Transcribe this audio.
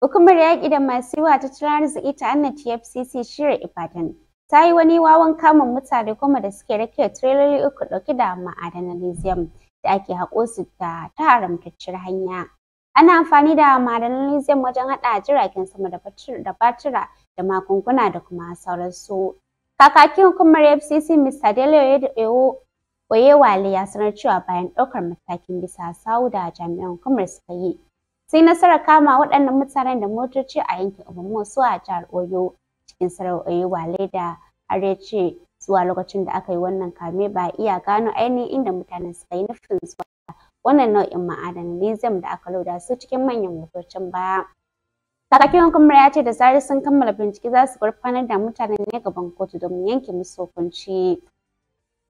Hukumar yaƙi da masu yiwa tattalin arziki ta Anna TFCC shirya Ibadan ta yi wani wawan kamun mutane kuma da suke rake tireloli uku ɗauki da ma'adanan lithium da ake haƙo su da ta haramtacciyar hanya. Ana amfani da ma'adanan lithium wajen haɗa jiragen sama da batura da magunguna da kuma sauransu. Kakakin hukumar FCC Mr. Dele Oyewale ya sanar cewa bayan ɗaukar matakin bisa sau da jami'an hukumar suka yi. sai nasarar kama waɗannan mutanen da motoci a yankin su a jihar Oyo cikin sarar Oyo Wale da Arece zuwa lokacin da aka yi wannan kame ba iya gano ainihin inda mutanen suka yi nufin su wannan nau'in ma'adanin lithium da aka loda su cikin manyan motocin baya. Kakakin hukumar ya ce da zarar sun kammala bincike za su gurfanar da mutanen ne gaban kotu domin yanke musu hukunci.